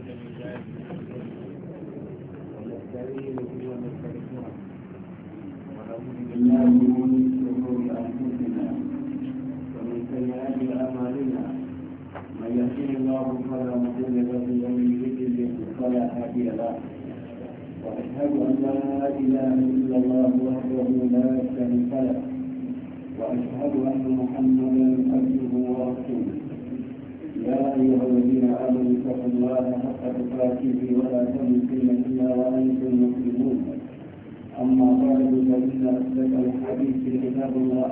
ونعوذ بالله من شرور انفسنا ومن سيئات اعمالنا من يهده الله فلا مضل ومن يضلل فلا هادي له واشهد ان لا اله الا الله وحده لا شريك له واشهد ان محمدا عبده ورسوله يا أيها الذين آمنوا اتقوا الله حق تقاته ولا تموتن إلا وأنتم مسلمون أما بعد فإن أصدق الحديث كتاب الله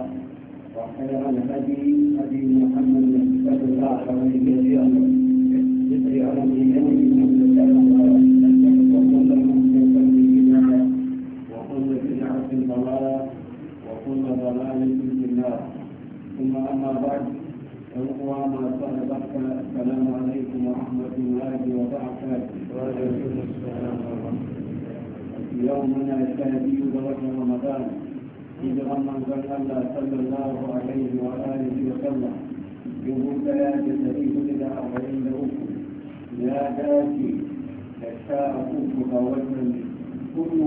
وخير الهدي هدي محمد صلى الله عليه وسلم يسري على الأخوة ما صاحبك السلام عليكم ورحمة الله وبركاته. وعليكم السلام ورحمة الله. يومنا الشهدي لوجه رمضان إذ غمن الله صلى الله عليه وآله وسلم يقول لا تستفيد إلى أربعين أخرى لا تأتي تشاء أخوك وجها كل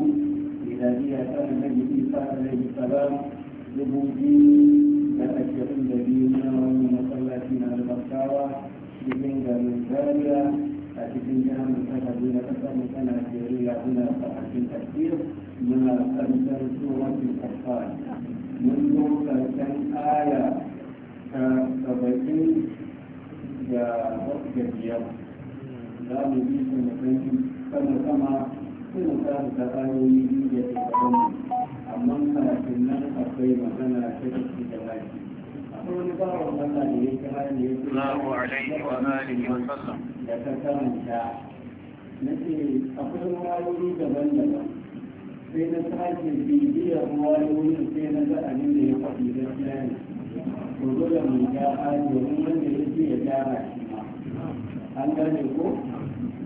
إلى هي كان النبي صلى الله عليه وسلم dubu biyu da na wani na albarkawa cikin garin a cikin jihar musamman na kasar musamman najeriya muna fahimcin tafiyar muna karshen tsohon kafar mun zo karshen za mu sama sama ayoyi da amma kafin nan akwai magana ta tafi da baki akwai wani bawan Allah da ya kira ne ya kira Allahu alaihi wa alihi wa sallam da ta karanta nace akwai wayoyi daban-daban sai na sake bibiyar wayoyin sai na ga abin da ya faɗi gaskiya ne to dole mu ga domin wanda ya ce ya gyara shi ma an gane ko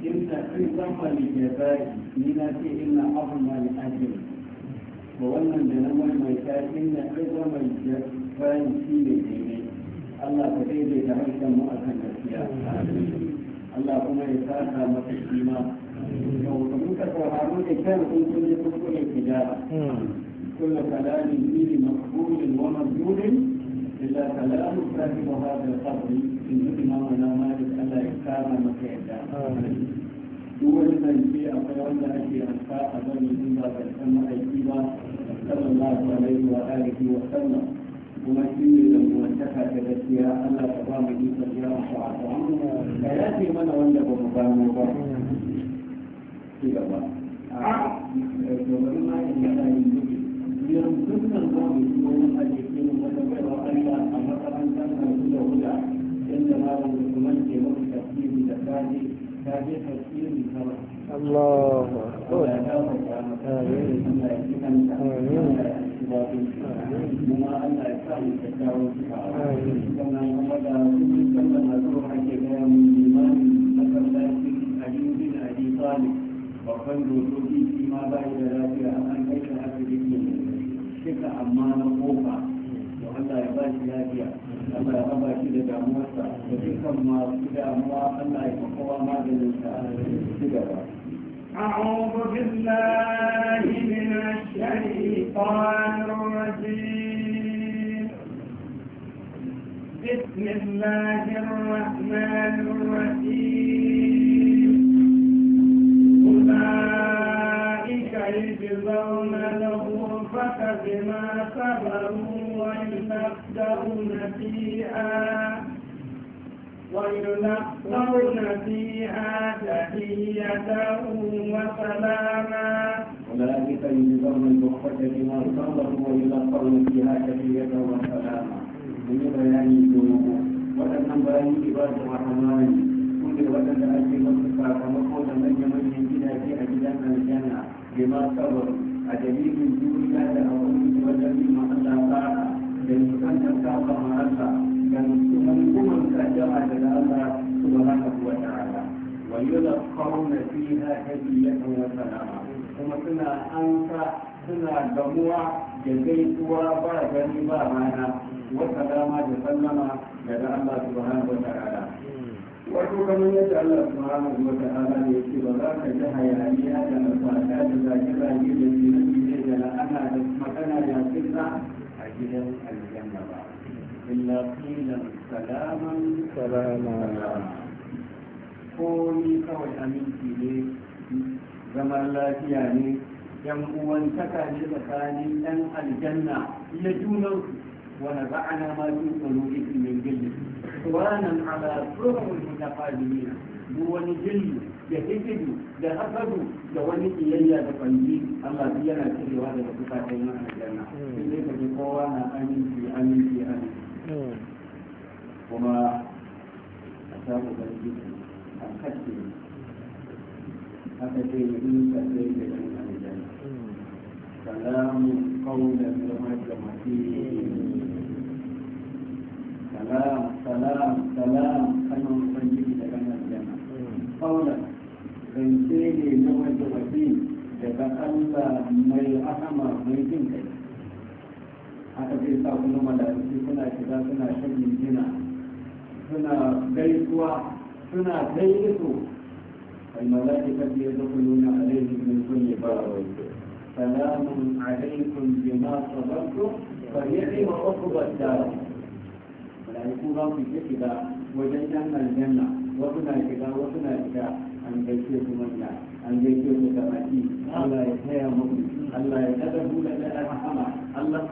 in ta kai zama da ni na ce ina abu ma da ajiyar da wannan da na maimaita inda ɗaga mai bayan shi ne daidai Allah ka daidaita harshen mu a kan gaskiya Allah kuma ya saka masa kima yau da muka sauraro da kyan kun kun yi kuskure tijara كل كلام فيه مقبول ومردود إلا كلام صاحب هذا القبر إن إمامنا مالك ألا يختار مكيدا دول من في أقوال أشياء أخرى أظن إن ذا السماء أيضا sallallahu alaihi wa alihi wa sallam kuma shi ne dangantaka ta gaskiya Allah ta ba mu ikon ya amsa a ka yace mana wanda ba mu gano ba ci gaba a domin ma yi yana yin duki yanzu nan za mu yi wani ajiye mu wata baiwa Allah a makarantar nan da huda inda ma da kuma ke muku tafsiri da kaji kaji da kawai الله أكبر آمين آمين da Allah ya ba kowa أعوذ بالله من الشيطان الرجيم بسم الله الرحمن الرحيم أولئك يجزون الغرفة بما صبروا ويستخدمون فيها ويلقون فيها تحية وسلاما أولئك يجزون الغرفة بما صبروا ويلقون فيها تحية وسلاما من بيان الذنوب waɗannan bayan ibadar rahmani su ne waɗanda ake masu sakamako da manya-manyan gidaje a gidan aljanna bima sabar a dalilin duniya da abin wajen yi ma'alla da nisan da منظوما كجمع الله سبحانه وتعالى ويلقون فيها هدية وسلاما كما سنا أنسى سنا دموع ba با جني با معنا وسلاما جسلما لدى الله سبحانه وتعالى wato kamar yadda Allah subhanahu wa ta'ala ne yake ba za ka ji hayaniya da nufata da zage-zage da jini da la'ana da magana ya fitna a gidan aljanna ba إلا قيلا سلاما سلاما komi kawai aminci ne zaman lafiya ne yan uwantaka ne tsakanin ɗan aljanna na junansu wani ba'ana ma su tsaro isi min gilli tsuranan ala tsoron mutafadimina duk wani gilli da hikidu da hasadu da wani iyayya da kwanji Allah yana cirewa daga kusa kai na aljanna sai ka ji kowa na aminci aminci aminci kuma a samu barci a kashe haka ce yi ka sai da yin alijan salamu kaunar lamar-lamaki salam salam salam kanon ubangiji da kan aljanna kaunar zance ne na wajen wasi daga allah mai ahama mai jin kai aka zai sa kuma malakuti suna shiga suna shan mintina suna gaisuwa suna gaisu almalaki ta biya da kullu na alaihi min kulli barawai salamun alaikum bi ma sabantu fariyati wa ba dar malaiku ba ku ke shiga wajen yan aljanna wasu na shiga wasu na shiga an gaishe su manya an gaishe su da baki Allah ya taya muku Allah ya kada mu da rahama Allah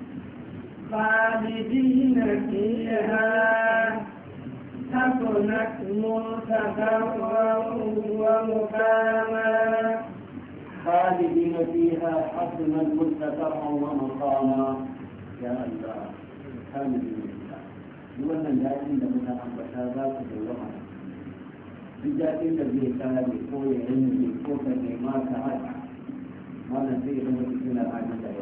خالدين فيها حسنت مرتفعا ومقاما خالدين فيها حسنا مرتفعا ومقاما يا الله الحمد لله ومن ان لازم لنا ان الله bijakin da bai tsara ne ko ya yi ne ko ka nema ta haka wannan zai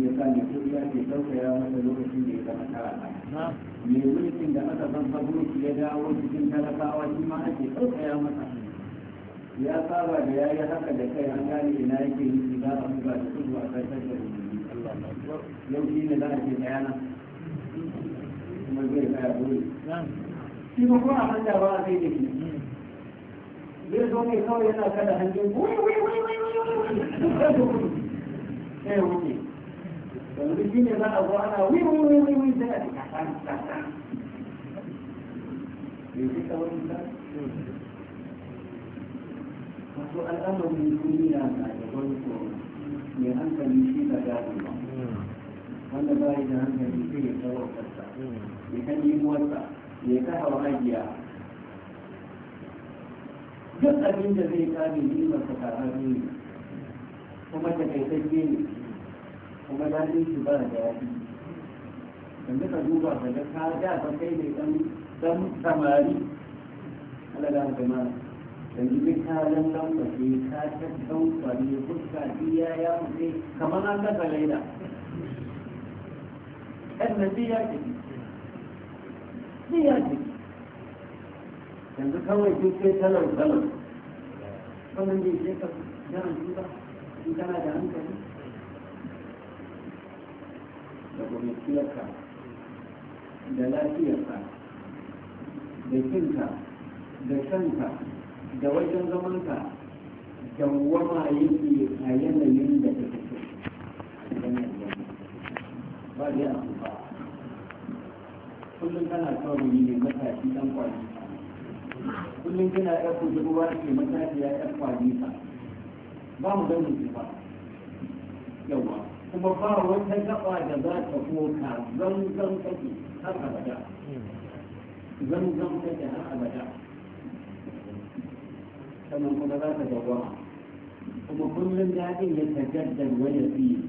ya sa mai kudi ya ke ya masa lokacin da ya zama talaka mai mulkin da aka san sabon ya dawo cikin talakawa shi ma ake saukaya masa ya saba da ya yi haka da kai an gane ina yake yi za a buga da kudu a kai sassa da yau shi ne za a ce tsayana kuma zai tsaya dole shi ma kuma a ba a kai da shi zai zo ne kawai yana kada hanjin wai wai wai wai wai wai wai wai wai wai yanzu shi ne za a zo ana wiwiwiwi sai a cika sani sani yanzu ka wani ba wato al'amarin duniya na da wani tsoro mai hankali shi da gadi ba wanda ba yi da hankali sai ya kawo kansa ya kan yi muwarsa ya ka hawa ajiya duk abin da zai kare ni masa karatu ne kuma takaitacce ne kuma daɗin shi ba da yafi yanzu ka duba ka ga ka da ka kai ne ɗan ɗan samari Allah da haka ma yanzu duk ka lallan mace ka tattau kwari fuska iya ya mace kamar an daga laida ɗan na biya ce biya ce yanzu kawai duk sai talau talau wannan bai ce ka jaran ba in kana da hankali da gonakiyarka da lafiyarka da kinka da kanka da wajen zamanka da wama yake a yanayin da ta fito ba da yana ba kullum kana yi ne matashi dan kwaji kullum kina ya kujeru ba ke matashi ya yar kwaji ba mu ganin ba yawa kuma ba wata gaba da za ta koka zanzan kake har abada zanzan kake har abada sannan kuma za ta gaba kuma kullum daɗin ya tajaddar wani fiye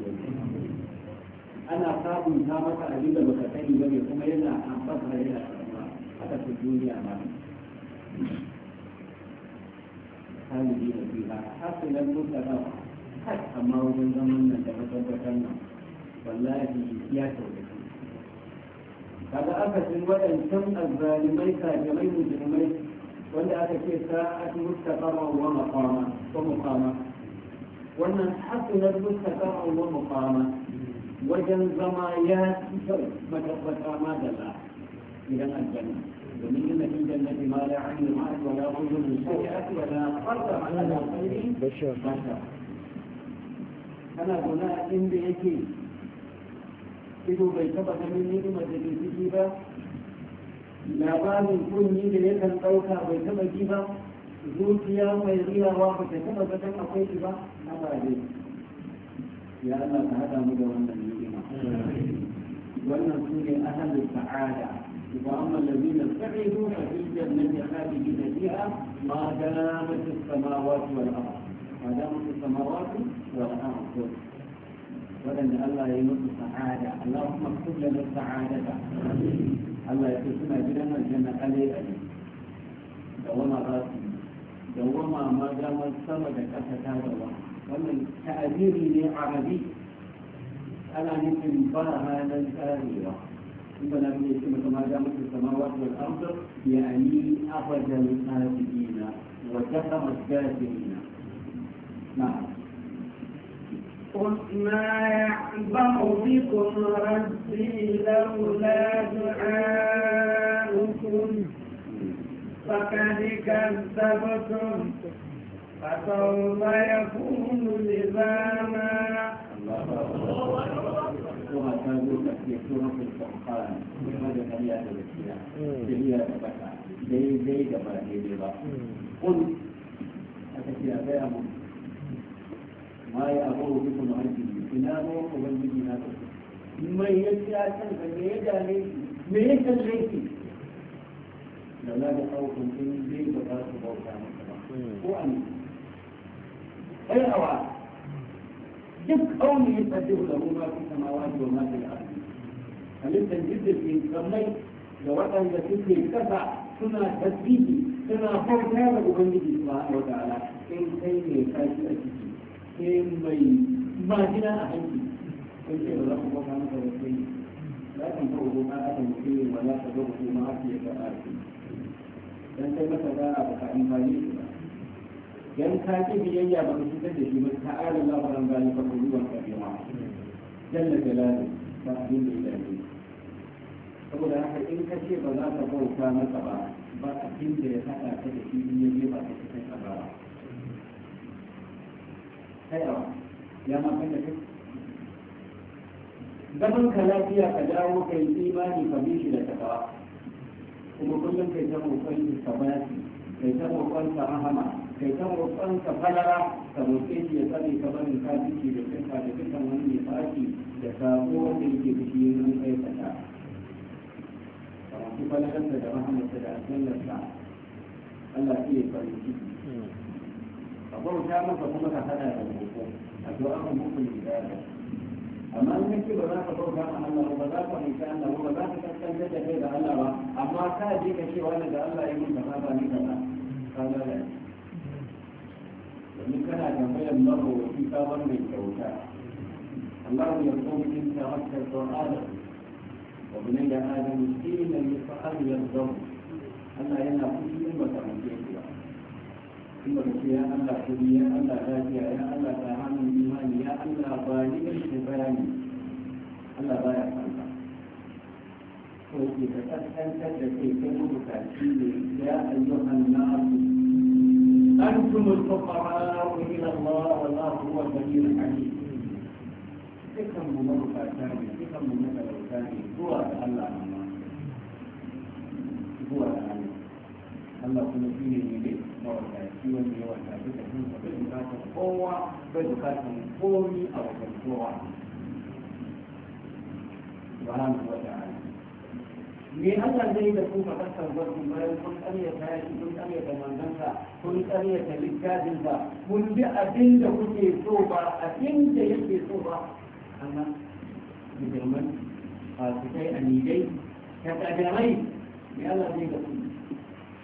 ana samun ta maka abin da baka sani bane kuma yana amfasa yana karama haka ta duniya ma halibi da fiha hasilan mutarawa amma wajen zaman nan da matabbatar nan wallahi ya taurari kaga akasin waɗancan azzalimai kajamai mujrimai wanda aka ce sa'at mustaqarra wa maqama wa muqama wannan hasunat mustaqarra wa muqama wajen zama ya ci matabbata ma da la idan aljanna ومن جنة الجنة ما لا عين رأت ولا أذن سمعت ولا خطر على قلب بشر kana zauna inda yake ido bai taba ganin ni'imar da ke ciki ba labarin kunyi da yakan ɗauka bai taba ji ba zuciya mai riyawa ba ta taba zaton akwai ki ba na ba ya Allah ka haɗa mu da wannan ni'ima wannan su ne ahalin sa'ada وأما الذين سعدوا ففي الجنة خالدين فيها ما دامت السماوات والأرض ما دامت السماوات والأرض ولن الله يمد سعادة اللهم اكتب لنا السعادة الله يكتبنا جنة الجنة عليه دوما راسي دوما ما دام السمد كفتاه الله ومن تأذيري عربي أنا نفهم برها للآلية ثم لم يتم ما دامت السماوات والأرض يعني أخرج الخاسئين وكفر الكافرين نعم قل ما يعبأ بكم ربي لولا دعاؤكم فقد كذبتم فسوف يكون لزاما وهكذا يكون في القرآن بهذا كليات الاختيار كليات البشر زي زي قبل قل ما يأمر بكم عندي إنا روح وبنجي هذا من يتعلم من يدعي من يتعلم da na da ɗaukan sun zai da za su bauta masa ba ko a ne ai awa duk kauni ya tsaddi da mu ma kuma ma wani ba ma da al'adu halittar jirgin sammai da waɗanda suke kasa suna tasbihi suna bauta da ubangiji subhanahu wa ta'ala in kai ne kashi a ciki sai mai majina a hanki sai ce ba za ku kwaka masa da sai za ka kawo roƙa a kan kere ba za ka ga ku ma haka ya gaba dan kai masa da a baka amfani shi ba dan ka ki biyayya ba ka cutar da shi ba ta ala la ba ran gani ka kudu ban ka biya jalla jalalu ba abin da ya saboda haka in ka ce ba za ka bauta masa ba ba abin da ya faɗa ta da shi in ya je ba ka cutar ka ba tsayawa ya da kai zaman ka lafiya ka dawo kai imani ka bi shi da takawa kuma kullum kai ta roƙon ka kai ta roƙon ka rahama kai ta roƙon ka falara ka roƙe shi ya sani ka barin kafiki da kanka da dukkan wani ya fashi da sabo wanda yake fushi yin aikata kamar su falalarsa da rahamarsa da aljanarsa Allah iya farin ciki hmm. ka bauta masa kuma ka hada da mutum a du'a ka muku ibada amma in kake ba za ka bauta ma Allah ba za ka rinka Allah ba za ka kaskanta da kai da Allah ba amma ka je ka ce wani da Allah ya yi kaza ba ni kaza ka lalace domin kana tambayar mahawaci sabon mai kyauta Allah ya so mutum ta wata Qur'ana wa bunayya adam qila li fa'al yadhum Allah yana kusurin in baka kuma da ce ya Allah kuri ya Allah lafiya ya Allah ta hannun imani ya Allah ba ni ne shi bayani Allah ba ya kanta ko ke da kaskantar da kai kai mabukaci ne ya ayyuhan nasu أنتم الفقراء إلى الله والله هو الغني الحميد dukan mu mabukata ne dukan mu matalauta ne zuwa da Allah amma Allah kuma shi ne ne mawadaci wanda ya wadaci da kan sa bai bukatar kowa bai bukatar komi a wajen kowa subhanahu wa ta'ala me Allah zai da ku ka kasar bayan kun karyata ya kun karyata manzansa kun karyata littafin ba kun bi abin da kuke so ba abin da yake so ba amma musulman fasikai anidai takadarai me Allah zai da ku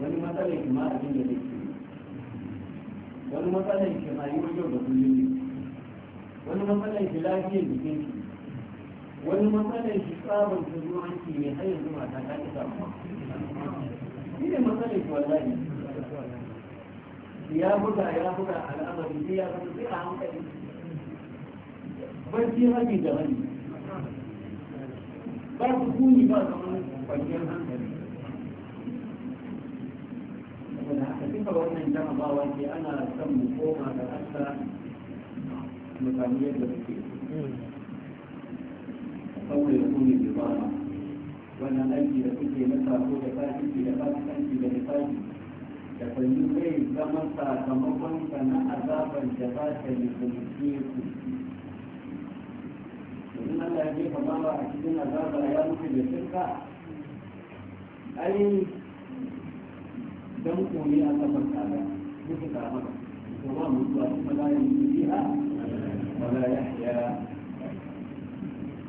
wani matsalar shi ma abin da zai ke wani matsalar shi rayuwar wajen da kullum ne wani matsalar lafiya lafiyar jikin shi wani matsalar shi tsabar ta zuwanci ne har yanzu mata ta ƙi samuwa shi ne matsalar shi wallahi ya buga ya buga al'amari sai ya zama sai a hankali barci hajji da hajji ba su kuni ba kamar kwanciyar hankali duka wannan jarabawa ke ana son mu koma da Allah mu samu yadda suke kawai da kuma bi ba wannan aiki da suke na sako da fasiki da fasikanci da nifaki da fanni zai zama sakamakon sa na azabar da ba ta nufince ku domin Allah ya jefa bawa a cikin azaba ya mutu da shirka ainihin dan koyi a kafar kaza duka ba mutuwa kuma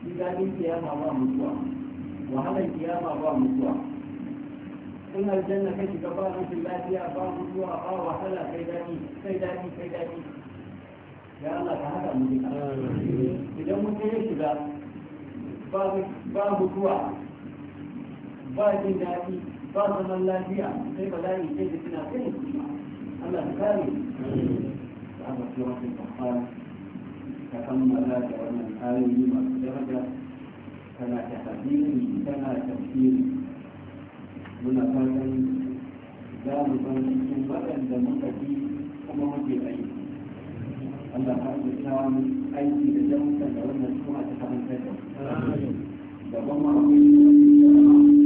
idan kiyama ba mutuwa wahalar ba mutuwa in aljanna kai shiga ba rashin lafiya ba mutuwa ba wahala kai dadi kai dadi kai dadi ya Allah ka haka mu idan mun ya shiga ba mutuwa ba jin daɗi ba zaman lafiya sai ba layi sai da suna kai Allah ta kare ta ba su wata kafara ta kammala da wannan ayoyi masu daraja tana ta hadisi tana tafsiri muna fatan za mu san cikin waɗanda muka ji kuma muke aiki Allah ta ta aiki da jamusan da wannan kuma ta karantar da mu. Gaban mu akwai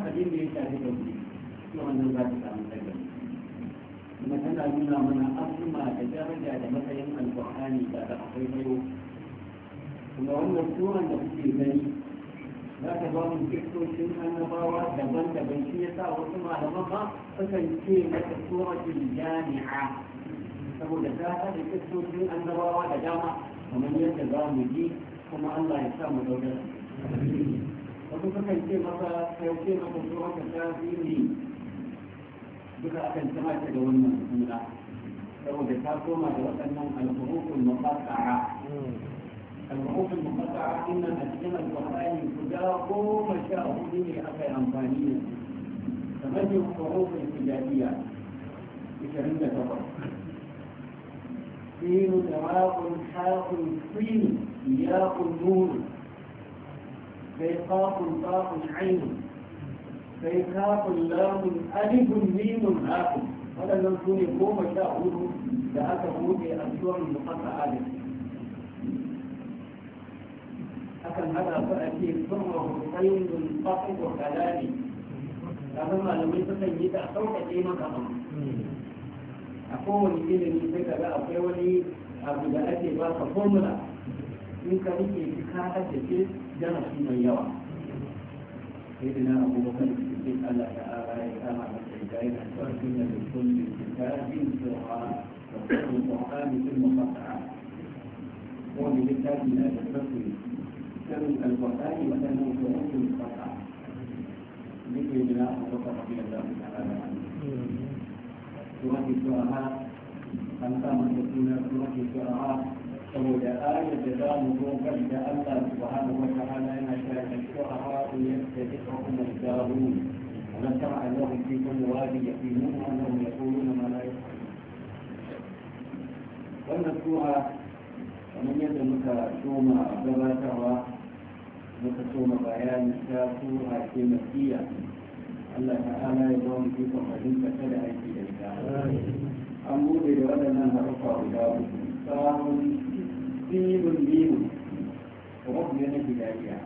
kan abin da ya shafi da wuri to wannan za ta samu daga kuma tana nuna mana asuma da daraja da matsayin alƙur'ani da da akwai bayo kuma wannan suran da kuke gani za ta ba mu kirkocin annabawa daban-daban shi ya sa wasu malaman ba sukan ce mata suratul jami'a saboda ta haɗa kirkocin annabawa da dama kamar yadda za mu ji kuma Allah ya sa mu daukar wasu sukan ce masa sauke masa su haka ta zini duka akan sama ta da wannan suna saboda ta koma da waɗannan alhuhukun muqatta'a alhuhukun muqatta'a inna a cikin alqur'ani guda goma sha hudu ne aka yi amfani da su kamar yin huhukun tijariya ishirin da takwas سين دواء حاء سين ياء نور Kai kafin kafin ainihin Kai kafin lamun alifin limun hafin waɗannan su ne goma sha hudu da aka buɗe a ciwon mufasa alif akan haɗa su a ce kuma hussein bin fasin ko malamai sukan yi ta sauƙaƙe maka abu a kowane ilimi sai ka ga akwai wani abu da ake ba ka formula in ka rike shi ka darasi mai yawa sai da na abu bakar cikin allah ta ara ya kama da shaida yana sarfi na da kullum kitabin sirra da kullum qur'ani fil mufassara wani littafi na da sarfi sirrin alqur'ani wadannan kullum mufassara nake da na abu bakar cikin allah ta ara سورة الشعراء أنت من سورة الشعراء saboda ayar da za mu zo kan da Allah subhanahu wa ta'ala yana cewa shu'ara yastahiqu al-darun alam tara annahum fi kulli wadi yaqimun annahum yaquluna ma la wannan sura kamar yadda muka soma gabatarwa muka soma bayani ta sura ce makiya Allah ta'ala ya ba mu ikon fahimta ta da aiki da ita an bude da waɗannan harufa guda uku tsawon filin limu kuma kuma yana gidariya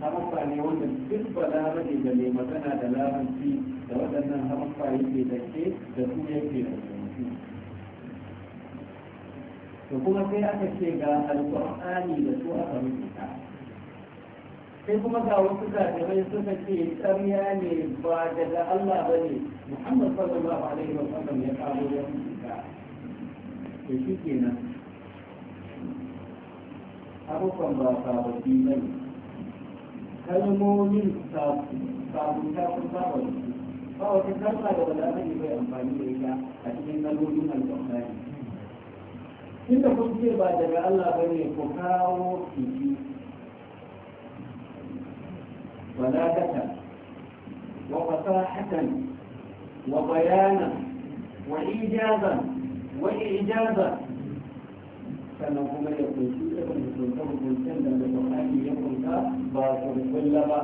hamaffa ne wanda duk ba larabe da mai magana da larabci da waɗannan hamaffa yake da ke da su yake da su to kuma sai aka ce ga alƙur'ani da su aka rubuta sai kuma ga wasu kafirai suka ce ƙarya ne ba daga Allah ba ne Muhammad sallallahu alaihi wa sallam ya kawo ya rubuta to shi kenan harufan ba sababbi ba ne kalmomin sabon ta kun saba da su ba wata kalma da ba za ta yi bai amfani da ita a cikin kalmomin alƙur'ani tunda kun ce ba daga Allah ba ne ku kawo kiki balagatan wa fasahatan wa bayanan wa ijaza wa ijaza sannan kuma ya kunshi ya kunshi hukuncen da da Qur'ani ya kunta ba kurkulla ba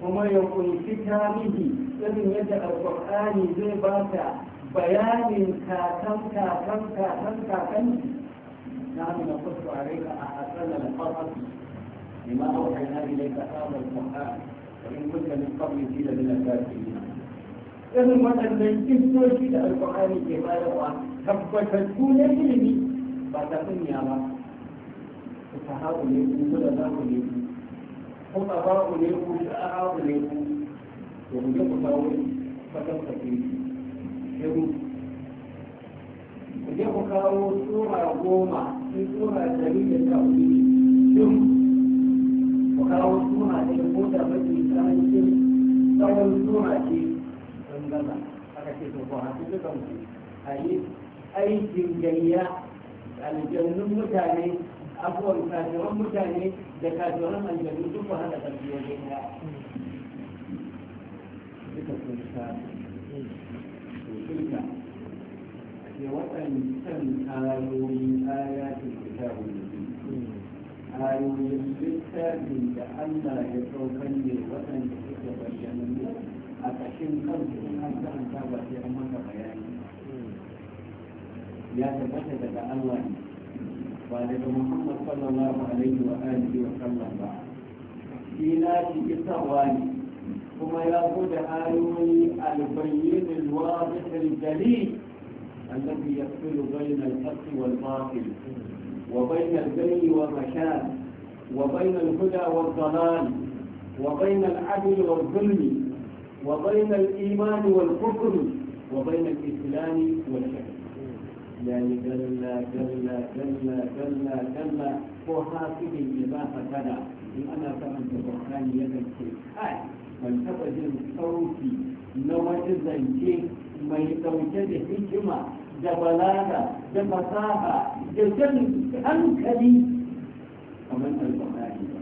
kuma ya kunshi tarihi irin yadda Al-Qur'ani zai ba ta bayanin kakan kakan kakan kakan نحن نقص عليك أحسن القصص لما أوحينا إليك هذا القرآن وإن كنت من قبل كيل من الكافرين irin waɗannan kistoshi da alƙur'ani ke bayarwa tabbatattu na ilimi ba ta sanya ba ku ta haɗu ne ku ku da za ku ne ku ko ba ba ku ne ku da a haɗu ne ku to mu ga ku kawo fatan fatan sai ku ku je ku kawo sura goma sun sura dari da ta hudu shin ku kawo sura ɗaya ko da mafi karancin tsawon sura ce don gaza aka ce to ko haɗu kan ku a yi aikin gayya aljannun mutane abubuwan kafiran mutane da kafiran aljannu duk ba haɗa ƙarfi wajen ɗaya duka sun sa shirka ke waɗancan aya ayatul kitabul mubin ayoyin littafin da Allah ya saukan ne waɗanda suka bayyana a ƙashin kansu an ta an ta ba sai an maka bayani يا تبتد بأول والد محمد صلى الله عليه وآله وسلم بعد في إلاتي إتواني كما يابد آلوني البين الواضح الجليل الذي يفصل بين الحق والباطل وبين البني والمكان وبين الهدى والضلال وبين العدل والظلم وبين الإيمان والكفر وبين الإسلام والشهادة yayi kalla kalla kalla kalla kalla ko hafifin ne ba ka kada in ana saman da burhani ya zance kai ban taɓa jin sauki na wani zance mai ɗauke da hikima da balaga da fasaha da jan hankali kamar al-burhani ba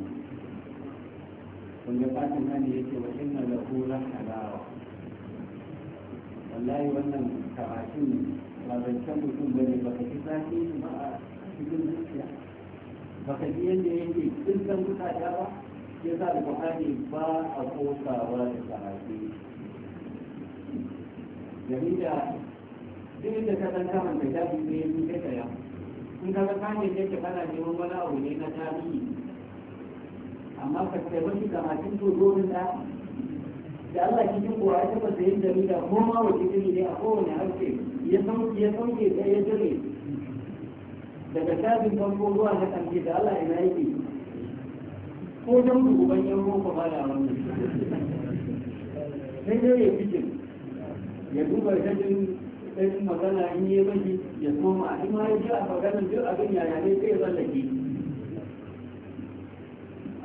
wanda fatan hannu ya ce wa da hulan halawa wallahi wannan karatun ba zancen mutum ba ne ba ka ji zafi ba a cikin zuciya ba ka ji yadda yake tsirkan kuɗaɗe ba ya sa da kuɗaɗe ba a kosawa da sahabi game da duk da ka san kamar da shafi ne ya fi kai ya in ka ga kane ne ka kana neman wani abu ne na tarihi amma ka kai wani kamatin to dole da da Allah cikin kuwa ya tabbata yin dalila ko ma wace iri ne a kowane harshe ya sauke ya sauke ta ya jire daga shafin farko zuwa na ƙarshe da Allah ina yake ko don duban yan roƙo ba da wani sai dai ya fice ya duba shafin ɗin magana in yi mashi ya koma in ma ya ji a maganin duk abin yaya ne sai ya tsallake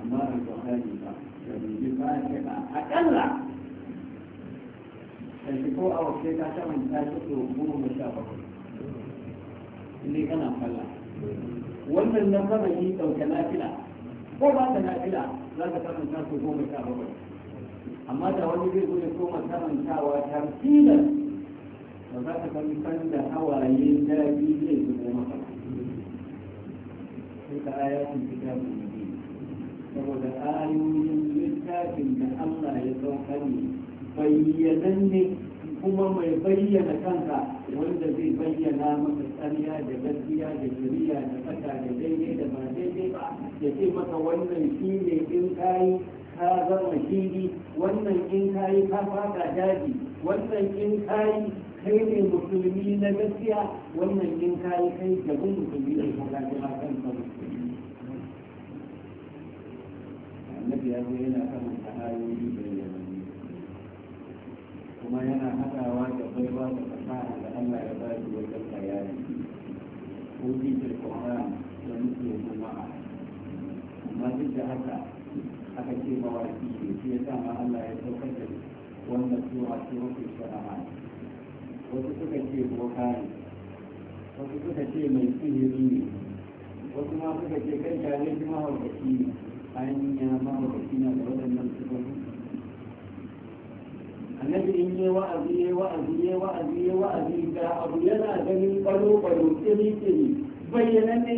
amma a tsakani ba da bai ji ba a akalla 24 hours sai ka samu ta ci so goma sha bakwai ne kana falla wannan na sama yi ɗauke nafila ko ba ta nafila za ta samu ta so goma sha bakwai amma da wani zai zo ya koma ta tartilan ba za ka samu san da hawaye daji zai zubo maka sai ka ayatun kitabun saboda ayoyin littafin da Allah ya saukar ne ne kuma mai bayyana kanka wanda zai bayyana maka tsariya da gaskiya da juriya da fata da daidai da ba daidai ba ya ce maka wannan shi ne in kayi ka zama shiri wannan in kayi ka fata daji wannan in kayi kai ne musulmi na gaskiya wannan in kayi kai gaban musulmi ne ka gaji annabi ya yana kan da kuma yana hadawa da baiwa da fasaha da Allah ya ba shi wajen bayani hujjin Qur'an da muke jama'a amma duk da haka aka ce mawaki ne shi ya sa ma Allah ya saukar da wannan sura ce mafi shara'a wasu suka ce boka ne wasu suka ce mai sihiri ne wasu ma suka ce kai tare shi mahaukaci ne an yi mahaukaci na da waɗannan sufofi annabi in yi wa'azi ya wa'azi ya wa'azi ya wa'azi ga abu yana ganin ƙwaro ƙwaro tsiri tsiri bayyana ne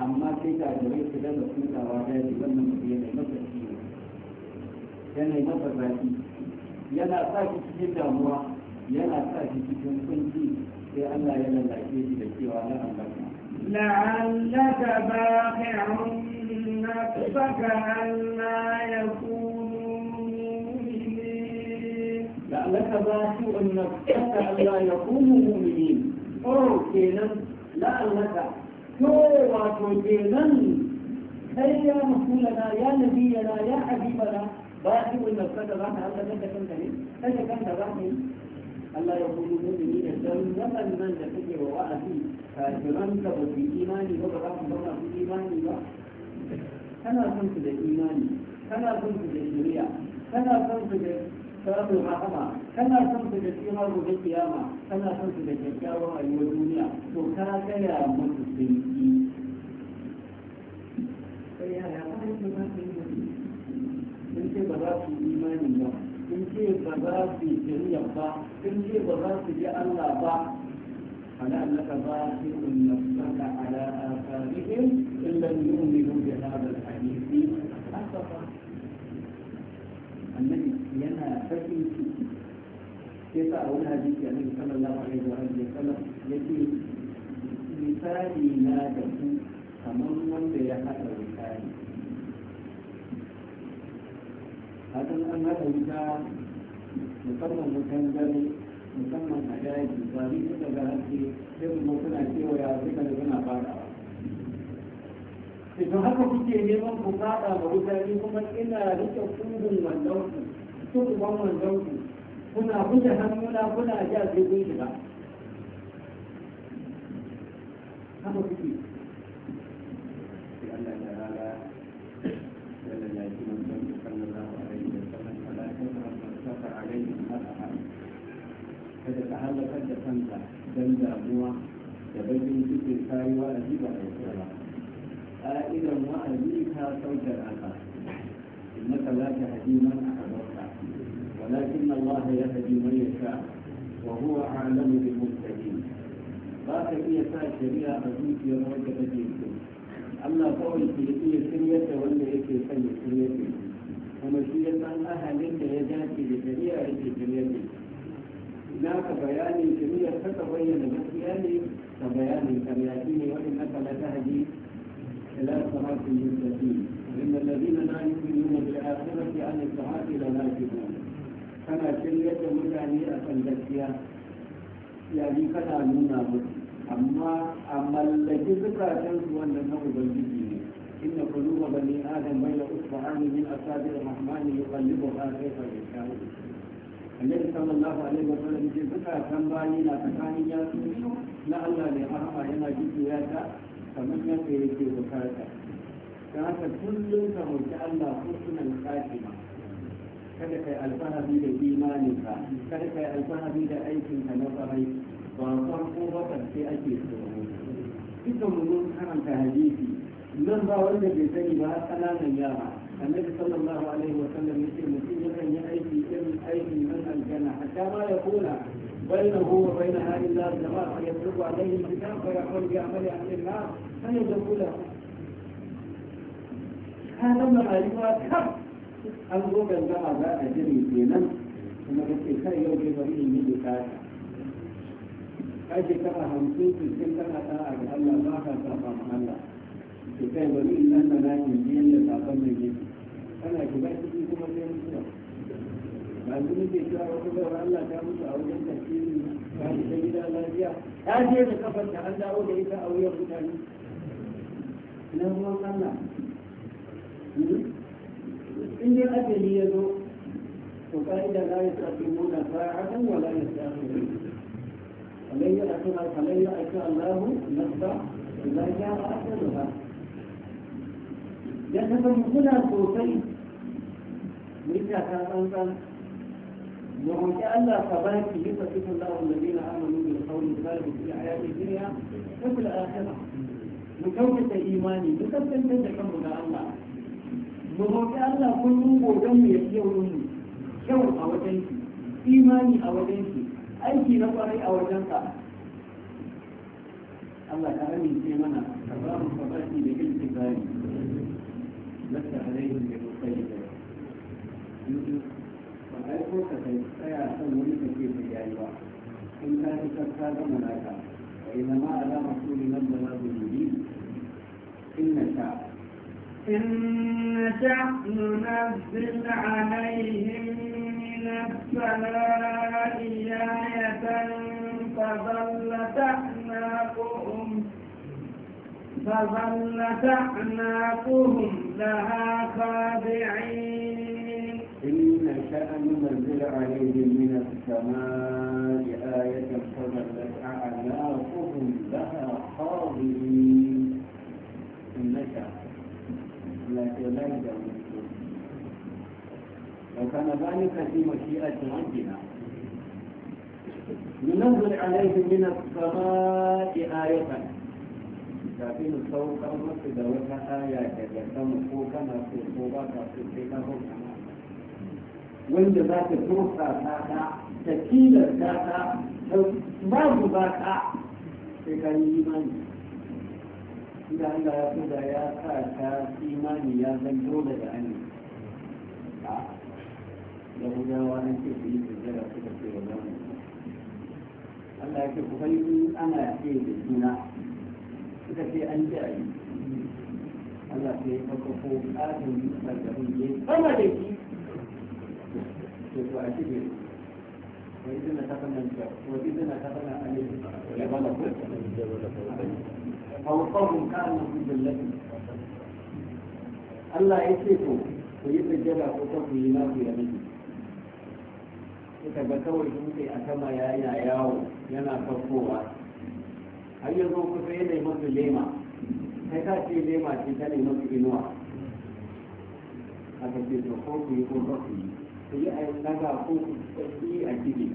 amma sai ka jirai su gana tutawa ta yi wannan mutum yana masa ciwo yana masa zafi yana sa shi cikin damuwa yana sa shi cikin kunci sai Allah ya lalace shi da cewa na Allah la'allaka baqi'un nafsaka an la yakun لعلك باكي أن لا يقوموا مؤمنين أو كينا لعلك توبة كينا هيا مسؤولنا رسولنا يا نبينا يا حبيبنا باكي أن نفسك راح ألا كنت هل كنت ألا يكونوا مؤمنين لم يمن من لكي ووأتي فاجرنك في إيماني وبرام بنا في إيماني أنا كنت إيماني أنا كنت بشريعة أنا كنت samun rahama kana son su da cewa gobe kiyama kana son su da kyakkyawan rayuwar duniya to ka gaya musu sun sun ce ba za su yi imanin ba sun ce ba za su yi shari'a ba sun ce ba za su Allah ba فلعلك باخع نفسك على annabi yana farin ciki sai sa a wani hadisi misali na da ku kamar wanda ya haɗa wuta hakan an haɗa wuta musamman wutan dare musamman a daji ba ni suka ga sai kuma suna cewa ya suka da suna idan haka kuke neman ku fada ga mutane kuma ina rike su wandauki wannan kuna buɗe hannuna kuna ja sai kun shiga haka kuke Allah ya da kada ka halaka da kanka dan damuwa da bakin cikin kayuwa a jiba da ka'idan wa'azi ta sauke raka innaka la tahdi man ahbabta walakin Allah ya yahdi man yasha wa huwa a'lamu bil muhtadin ba ka iya sa shari'a a zuciyar wanda kake so Allah kawai ke iya shiryar da wanda yake son ya shiryar da kuma shi ya san ahalin da ya dace da shari'a yake shiryar da ka bayanin shari'a ta bayyana gaskiya ne ka bayanin karya ne waɗanda ka la tahdi إلى صراط المستقيم إن الذين لا يؤمنون بالآخرة عن الساعة لناكبون kana shiryar da mutane a kan gaskiya yayi kana nuna musu amma a mallaki zukatansu wannan na ubangiji ne inna quluba bani adam bayna usba'ani min asabi ar-rahmani yuqallibuha kayfa yasha'u annabi sallallahu alaihi wa sallam ce zukatan bayi na tsakanin yatsu biyu na Allah ne yana jujjuya kamar yadda yake bukata don haka kullum ka roƙi Allah husnul khatima kada kai alfahari da imaninka kada kai alfahari da aikinka na farai ba farko ba sai ake tsoro duka mu mun karanta hadisi nan ba wanda bai sani ba har kananan yara annabi sallallahu alaihi wa sallam yace mutum yakan yi aiki irin aikin nan aljanna hatta ma ya kula بينه وبين هذه الناس جماعه يطلب عليه الكتاب ويقول بعمل اهل النار فيدعو له هذا معرفه الحق الغوغ الجماعه لا اجري في نفس ثم يمكن كي يوجد به من بكاته kaje kana hamsin cikin kana ta'a ga Allah ba ka saba ma Allah ki kai wani nan da na ke biyan da sabon mai yake kana ki ba ki kuma sai mutuwa ta je da kafar ta an dawo da ita a wuyan mutane na ruwan Allah hmm? in dai ajali ya zo to ka'ida la yastaqimuna sa'atan wa la a فلن يأتنا فلن يأتى الله نفسا إذا جاء أجلها da ta muna sosai mita ta tsantsan Mahaukai Allah ka ba ya ke yi ta cikin da da yi na hannun yi da sauri da ba da fi a yaki ziriya, ta fi da ake Allah kun yi godon mai yau yi, kyau a wajen yi, imani a wajen yi, aiki na kwarai a wajen ka. Allah ka hannun mana, ka ba mu kwabarci da gilgizari, lafiya da yi da yi da da yi da da yi da ai ko ka kai tsaya kan wani ka ce yayi ba in ka ji ka gama naka wa inna ma ala rasulin nan da labu yuri in na sha إن نشأ ننزل عليهم من السماء آية فظلت أعناقهم فظلت أعناقهم إن شأن ننزل عليهم من السماء آية فظلت أعناقهم لها خاضعين إن شاء لا تلد لو كان ذلك في مشيئة ربنا ننزل عليهم من السماء آية kafin saukar masu da wata aya daga في ko kana so ko wanda za ta dosa ta ta tilasta ta ta babu ba ta sai ka yi imani idan Allah ya so da ya sa ta imani ya zan dole da ani a da gudawa an ce su yi su da ce wajen mu Allah ya ce ku fahimci ana ce da juna suka ce an ji a yi Allah ya ɗauka ko a bisa da hunye sama da shi to a cikin وإذن تقنى وإذن تقنى عليه فوقهم كانوا في جلته Allah ya ce to ku yi sajjada ko ta ku yi naku ya miji kuka ga kawai dutse a sama ya yana yawo yana farkowa har ya zo kusa ya nemi su lema kai ka ce lema ce ta nemi su inuwa aka ce to ko ku yi ko ku yi su yi a yin daga ko su tsaki a gidi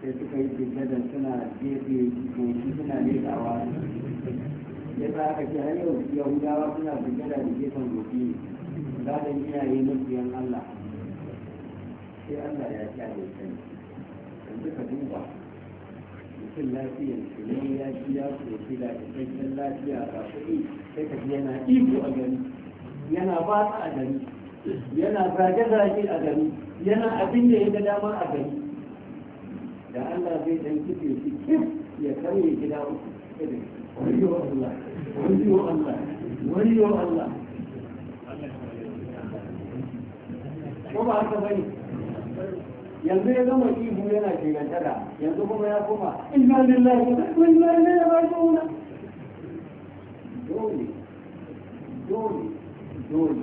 sai suka yi gidajen suna jefe goshi suna lekawa ya sa aka ce har yau yahudawa suna gidada da gefen goshi ne za da iyaye mabiyan allah sai allah ya sha da sani yanzu ka duba mutum lafiyar shi ne ya ci ya koshi da cikakken lafiya ba kuɗi sai ka ji yana iko a gari yana ba ta a gari yana zage-zage a gani, yana abin da ya ga dama a gani. da Allah zai dan kife shi kif ya karye gida uku wariyo Allah wariyo Allah wariyo Allah ko ba haka bane yanzu ya zama ihu yana shigantara yanzu kuma ya kuma. inna lillahi wa inna ilaihi raji'un dole dole dole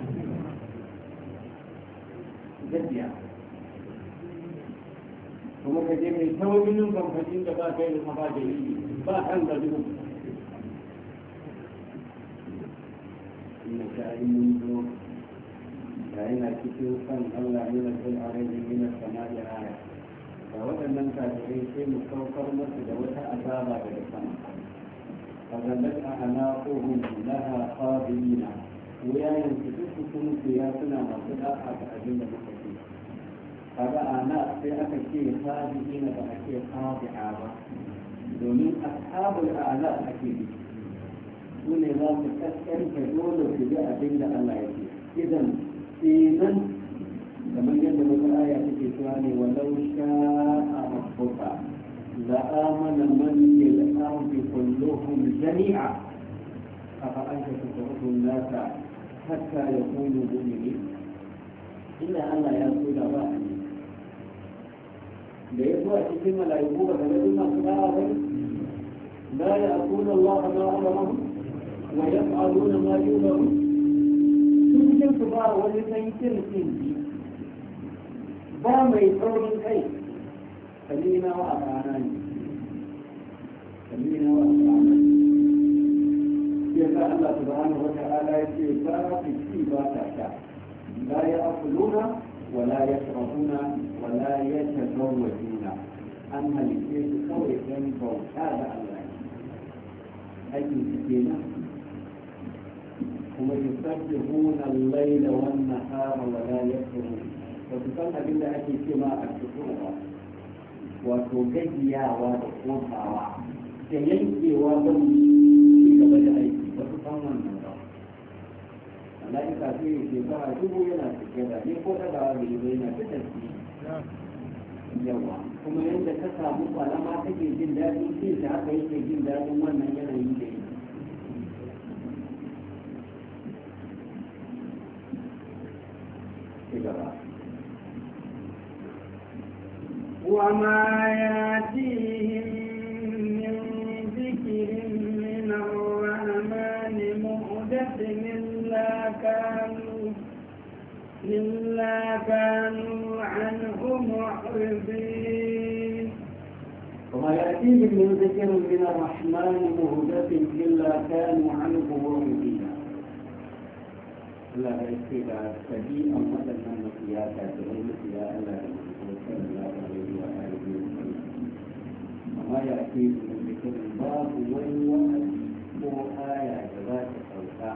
gaskiya kuma ka je mai tawaminin kamfanin da ba kai da ba da yi ba kan da duk ina yi ta yana cikin son Allah yana zai a rai yana sama da raya da waɗannan kafirai sai mu saukar masu da wata azaba daga sama a zannan a ana kohun laha fadilina وياين تكون تكون سياسنا مرتبطة حتى أجينا بالتكليف هذا أنا في أكثر خادعين بأكثر خادعة ومن أصحاب الأعلى أكيد دون لا تتأثر كدول ابتداء بين الله يكيد إذا إذا كما يجب الآية في سؤال ولو شاء ربك لآمن من في الأرض كلهم جميعا أفأنت تترك الناس hatta ya kunu gumini inda Allah ya so da ba da ya zuwa cikin mala'iku ba game da masu da'a ba ne ya su ba wani sai kirkin ji ba mai saurin kai kalina wa a rana ne kalina wa a rana ne كيف الله سبحانه وتعالى يتبارك في لا يأكلون ولا يشربون ولا يتزوجون أما الكيس قوي كان هذا الله أي سكينة هم يسبحون الليل والنهار ولا يكفرون وتصلنا بالله أكيد كما الشكور وتجيا وتقوطا وتيجي وضم في قبل أيدي ba su san ta tafi yawa kuma yadda ka samu kwalama yanayi da وما يأتيهم من ذكر من الرحمن مهدة إلا كانوا عنه معرضين لا يكفيك سبيل أمدا من نقياك تغيب يا ألا تغيب لا تغيب ولا تغيب وما يأتيك من ذكر الباب والوعد هو آية جواز الفوقع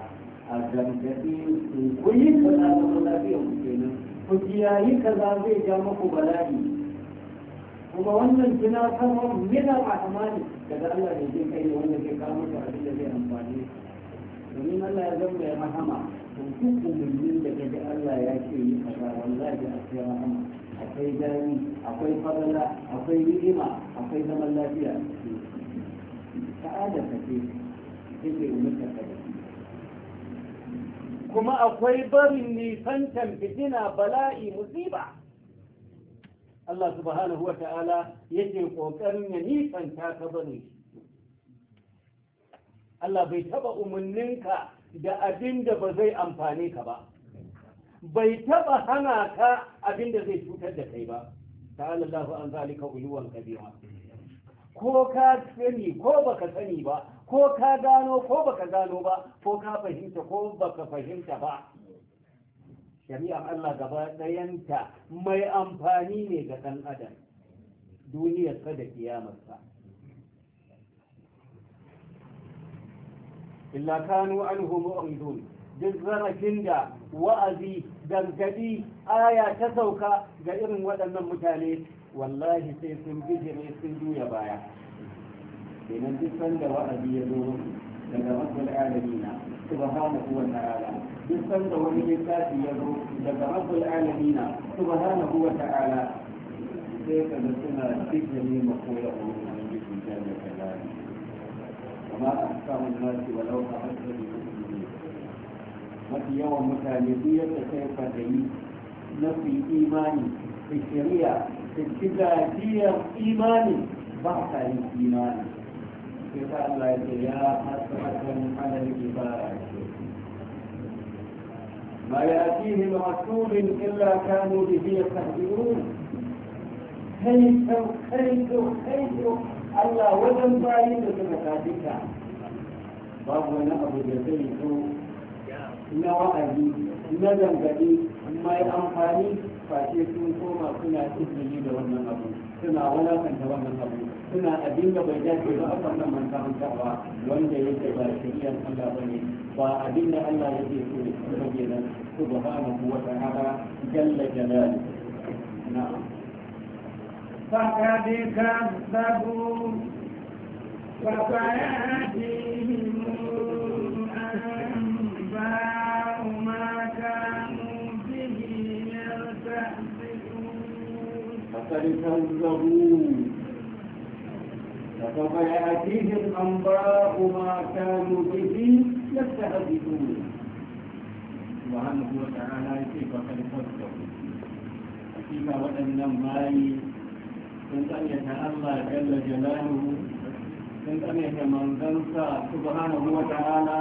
أدم جديد كل من أمر الله ku kiyayi kaza zai ja muku bala'i kuma wannan mila mina rahmani daga Allah ne ke kai wanda ke kawo da abin da zai amfani domin Allah ya zama mai rahama to duk umarnin da kaji Allah ya ce yi kaza wallahi akwai rahama akwai jami akwai fadala akwai ni'ima akwai zaman lafiya sa'ada kace take umurta kaza kuma akwai barin nisantan fitina bala'i musiba Allah subhanahu wa ta'ala yake ƙoƙarin ya nisanta ka bane Allah bai taɓa umarninka da abin da ba zai amfane ka ba bai taɓa hana ka abin da zai cutar da kai ba ta'ala Allah an zalika uluwan kabira ko ka sani ko baka sani ba ko ka gano ko baka gano ba ko ka fahimta ko baka fahimta ba shari'ar Allah gaba ɗayanta mai amfani ne ga ɗan adam duniyarsa da kiyamarsa illa kanu anhu mu'ridun duk zarafin da wa'azi gargadi aya ta sauka ga irin waɗannan mutane wallahi sai sun gijire sun juya baya لنجسا لو يدور لما رب العالمين سبحانه وتعالى جسا لو ابي يدعو لما رب العالمين سبحانه وتعالى كيف نسمى بجميع مقوله من جسم كان كذلك وما احسن الناس ولو اردت بمسلمين متى يوم مكانيكية كيف تجيب نفي إيماني في الشريعة في ابتدائية إيماني بعد الإيمان sai Allah ya ce ya hasratan ala al-ibad ما يأتيهم رسول إلا كانوا به يستهزئون كيف كيف كيف Allah wajen bayin da suka tafi ka babu wani abu da zai so na wa'azi na gangaɗi mai amfani face sun koma suna izini da wannan abu suna walakanta wannan abu suna a da bai dace ba a wannan makaranta ba wanda yake ba shari'ar Allah ba ne ba a dinga Allah yake so ne kuma ke nan subhanahu ba ta'ala jalla jalalu na'am فقد كذبوا فسيأتيهم أنباء ما كانوا به يستهزئون فقد كذبوا فسوف يأتيهم أنباء ما كانوا به يستهزئون سبحانه وتعالى كيف قد فكروا حقيقة وأن ماي كنت أن يتألى جل جلاله كنت أن يتمنى سبحانه وتعالى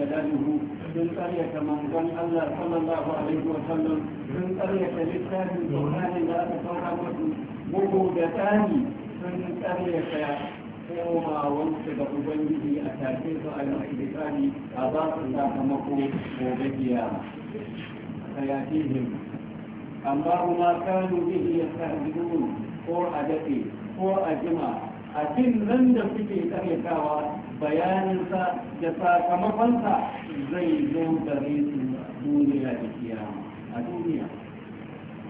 جلاله sun قرية mangan كان الله صلى الله عليه وسلم من قرية لسان سبحان لا تفرح مبودتان من قرية koma wanda ga ubangiji a tafe su a yi bisani a ba su sakamako gobe kiyama sayatihim amma kuma kanu bihi yastahzibun ko a dafe ko a jima a cin nan da suke karyatawa bayaninsa da sakamakonsa zai zo gare su duniya da kiyama a duniya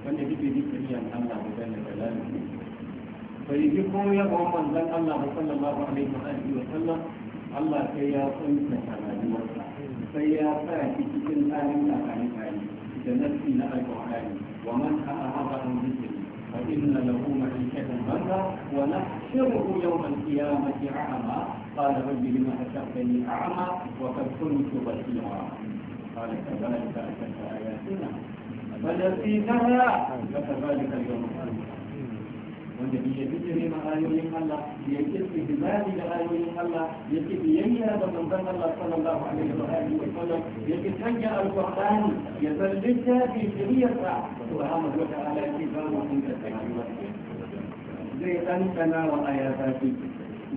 wanda duk da kiriyan Allah da gane balani bai ji koyarwar manzon Allah ba sallallahu alaihi wa alihi wa sallam Allah sai ya kunta rayuwarsa sai ya tsaya cikin tsarin tsakanin da nasi na alƙur'ani wa man ahabba an zikri فإن له معيشة ضنكا ونحشره يوم القيامة أعمى قال رب لما حشرتني أعمى وقد كنت بصيرا قال كذلك أتت آياتنا فنسيتها فكذلك اليوم القيامة wanda bi ya bijire ma ayoyin Allah ya yi istihzali da ayoyin Allah ya ki biyayya da manzon Allah sallallahu alaihi wa alihi wa sallam ya ki sanya alqur'ani ya zallita fi shari'ata subhanahu wa ta'ala ki ba mu kun da zai ɗanɗana wa ayataki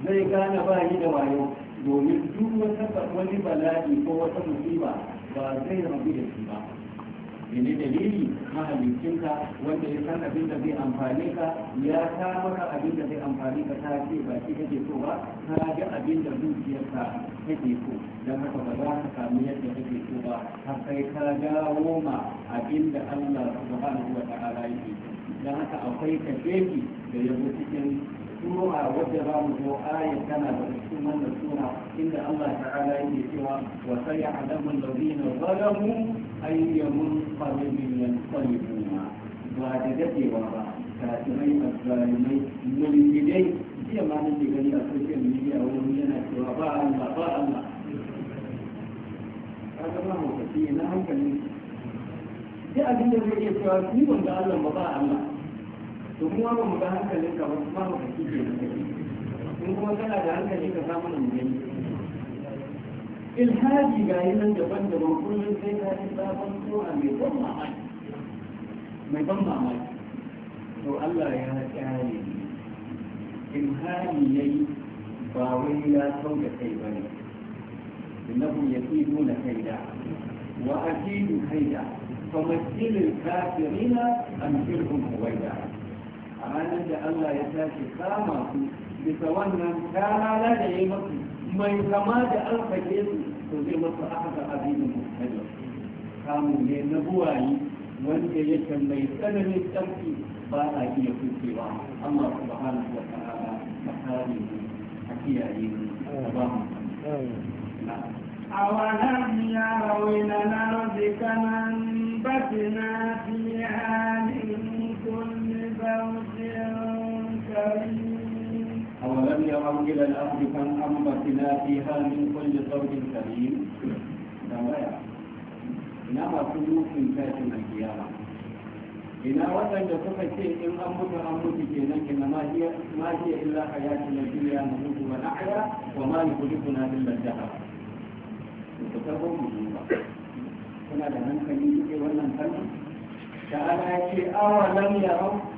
zai gane ba yi da wayo domin duk wata wani bala'i ko wata musiba ba zai rabu da shi ba ne dalili mahalicinka wanda ya san abin da zai amfani ka ya ta maka abin da zai amfani ka ta ce ba shi kake so ba ta ga abin da ka kake so Dan haka ba za ka samu yadda kake so ba har sai ka dawo ma abin da Allah subhanahu wa ta'ala yake Dan haka akwai kasheki da yabo cikin sura wadda za mu zo aya tana da cikin wannan sura inda Allah ta'ala yake cewa wa sayalamu alladhina mun miliyan munqalibin yanqalibuna ba da dadewa ba ta kafirai azzalimai mulkidai jiya ma na ke gani a social media wani yana cewa ba Allah ba Allah kaga ba hukaci na hankali sai abin da zai iya cewa ni ban ga Allah ba ba Allah to kuma ba mu ga hankalin ka ba ma hukaci ke in kuma kana da hankali ka samu mu gani ilhaji ga yi nan daban-daban kullum sai ta yi sabon sura mai ban mamaki mai ban mamaki to Allah ya kyale ilhaji ya yi ba wai ya sau da kai ba ne innahu yakiduna kaida wa akidu kaida فمثل الكافرين أنفرهم هويدا أعانا أن الله يتاشي كاما بسوانا كان لا دعي مصر mai kama da an fage su to zai masa aka abinin mutane kamun ne na buwayi wanda yake mai tsananin tsarki ba a iya kucewa amma su ba hana wa ta'ala ta kare mu a kiyaye mu a ba mu أولم يروا إلى الأرض كما أنبتنا فيها من كل زوج كريم ولم يروا إلى الأرض فانحمت ما فيها من كل زوج كريم إنما سلوك من قيامة إن أردت أن تكون شيء إن أمك أمك جينك إنما هي ما هي إلا حياة الدنيا نموت ونحيا وما يخلقنا إلا الدهر وتتبعهم من الله هنا لمن كان يجي ولا من كان كأنا شيء أولم يروا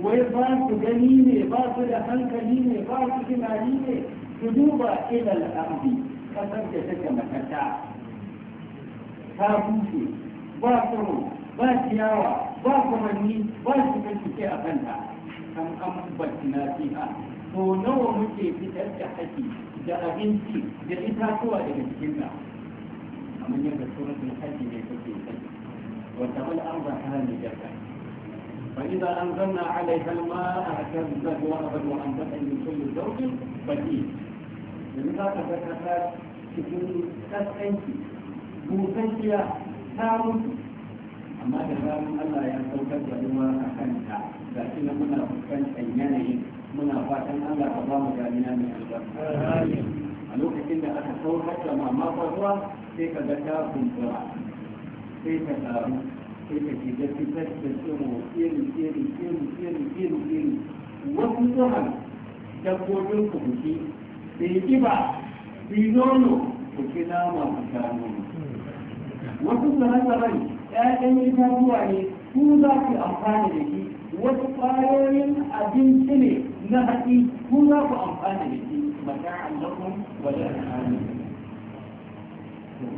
wai ba su gani ne ba su da hankali ne ba su tunani ne su duba ilal ardi kasar da take makata ta bushe ba tsoro ba ciyawa ba kumanni ba su kashe a kanta kan ambatina fiha to nawa muke fitar da haƙi da abinci da itatuwa daga cikin nan kamar yadda suratul hajji ne take sai wata wal arda halin jarka فإذا أنزلنا عليها الماء اهتزت وأبت وأنبتت من كل زوج بديل domin za ka zaka ta cikin kaskanci busasshiya ta mutu amma da zaran Allah ya saukar da ruwa a kanta ga na muna fuskantar yanayin muna fatan Allah ka ba mu damina mai albarka a lokacin da aka saukar da mamakon ruwa sai ka ga ta sai ka taru sai ka shiga fitar da tsiro tsiri tsiri tsiri tsiri tsiri tsiri wasu tsohon dabbobin ku kuki da yi kiba su yi nono ku ci nama ku sha nono wasu tsare-tsaren ƴaƴan itatuwa ne su za ku amfani da shi wasu ƙwayoyin abinci ne na haɗi ku za ku amfani da shi mata'an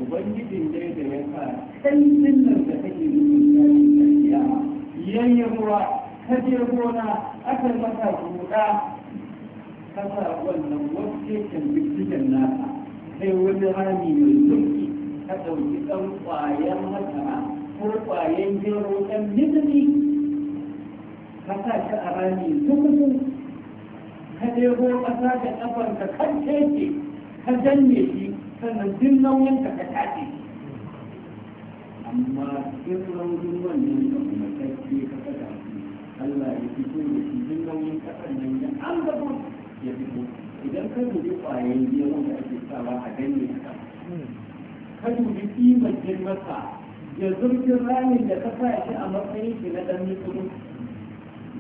ubangijin dai da ya sa kanzin nan da kake nufin ya ruwa ka je gona aka maka Ka kasa wannan wacce kan binciken nasa. sai wani rami mai zurfi ka ɗauki ɗan ƙwayar masara ko ƙwayan gero ɗan mitini ka sa shi a rami tukutu ka ɗebo ƙasa da ƙafanka kan keke ka danne shi sannan duk nauyin ka ka tace amma duk nauyin wannan da kuma tace ka kada Allah ya fito da shi duk nauyin kasan nan da an gabo ya fito idan ka dubi kwayan biyan wanda ake sawa a ganye a kan ka dubi kimar girmarsa ya zurfin ramin da ka sa shi a matsayin shi na ɗan mutum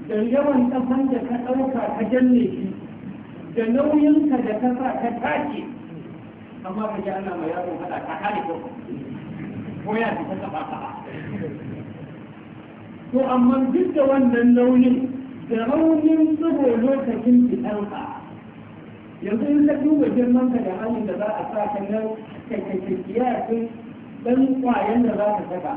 da yawan ƙasan da ka ɗauka ka janne shi da nauyinka da ka sa ka tace amma ka ji ana mai yaro kada ka kare ko ko ya ji ka ba ka to amma duk da wannan launin da raunin tsoho lokacin fitanka yanzu in ka duba girman ka da hannun da za a sa ka nan kai kiyasin dan kwayan da za ka saka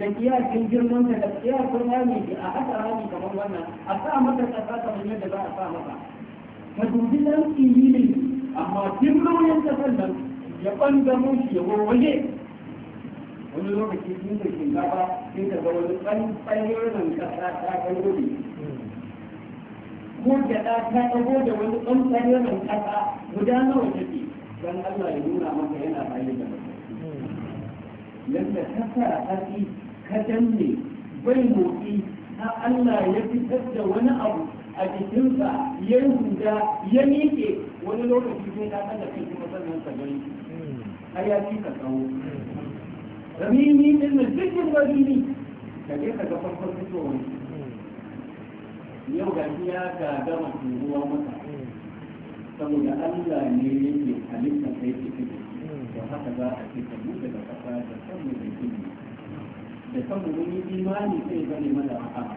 da kiyasin girman ka da kiyasin rami a haka rami kamar wannan a sa maka tsaka kamar yadda za a sa maka ka dubi dan ilimi amma duk nauyin kasar nan ya ɓangamo shi ya waje wani lokaci sun da shinkafa sun da ga wani ɓangaren kasa ta ɗago ne ko gyaɗa ta ɗago da wani ɓangaren kasa guda nawa take don Allah ya nuna maka yana bayan da yadda ka sa hatsi ka danne bai motsi har Allah ya fitar da wani abu a jikinsa ya rubuta ya miƙe wani lokaci sai ta kada kai kuma sannan sa gani har hmm. ya ci ka tsawo ramini din nan dukkan ramini ka je ka ga farkon fitowar hmm. yau ga shi ya ga gama turuwa masa hmm. saboda Allah ne yake halitta sai cikin da haka za a ce ka buɗe da kasa da samun da kimi da samun wani imani sai zane mana haka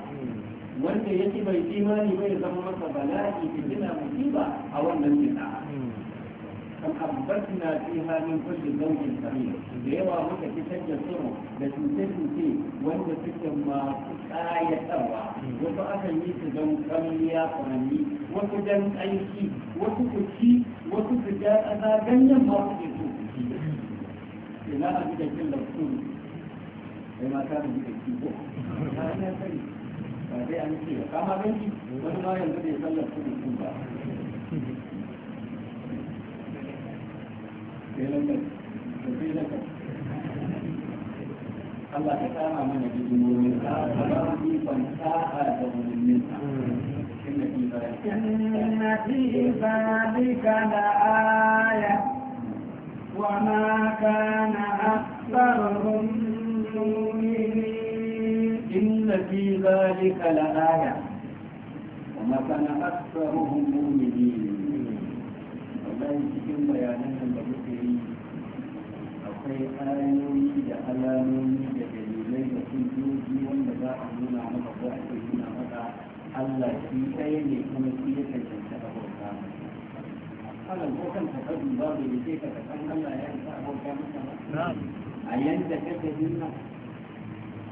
wanda yake bai imani bai zama masa bala'i fitina musiba a wannan bid'a kan abbatna fi min kulli zawjin sami da yawa muka fitar da tsoro da cutar cutar wanda suke masu ƙayatarwa wasu akan yi su don kwalliya kwananni wasu don aiki wasu ku ci wasu su ja ƙasa ganyen ma su ke so ina a da kin lafsun Sai mata da bi da ko ta hanyar sani ba sai an ce ya kama ganci wani ma yanzu bai sallar ba sai da sai Allah ka kama mana hidimomin ka ba mu da mulmin ka إن في وما كان أكثرهم مؤمنين inna fi zalika la'aya wa ma kana aktsaruhum cikin bayanan nan da muke yi akwai ayoyi da alamomi da dalilai da hujjoji wanda za a nuna maka ko ake nuna maka Allah shi ɗaya ne kuma shi ya tantance abota Allah ko kan ka da ka a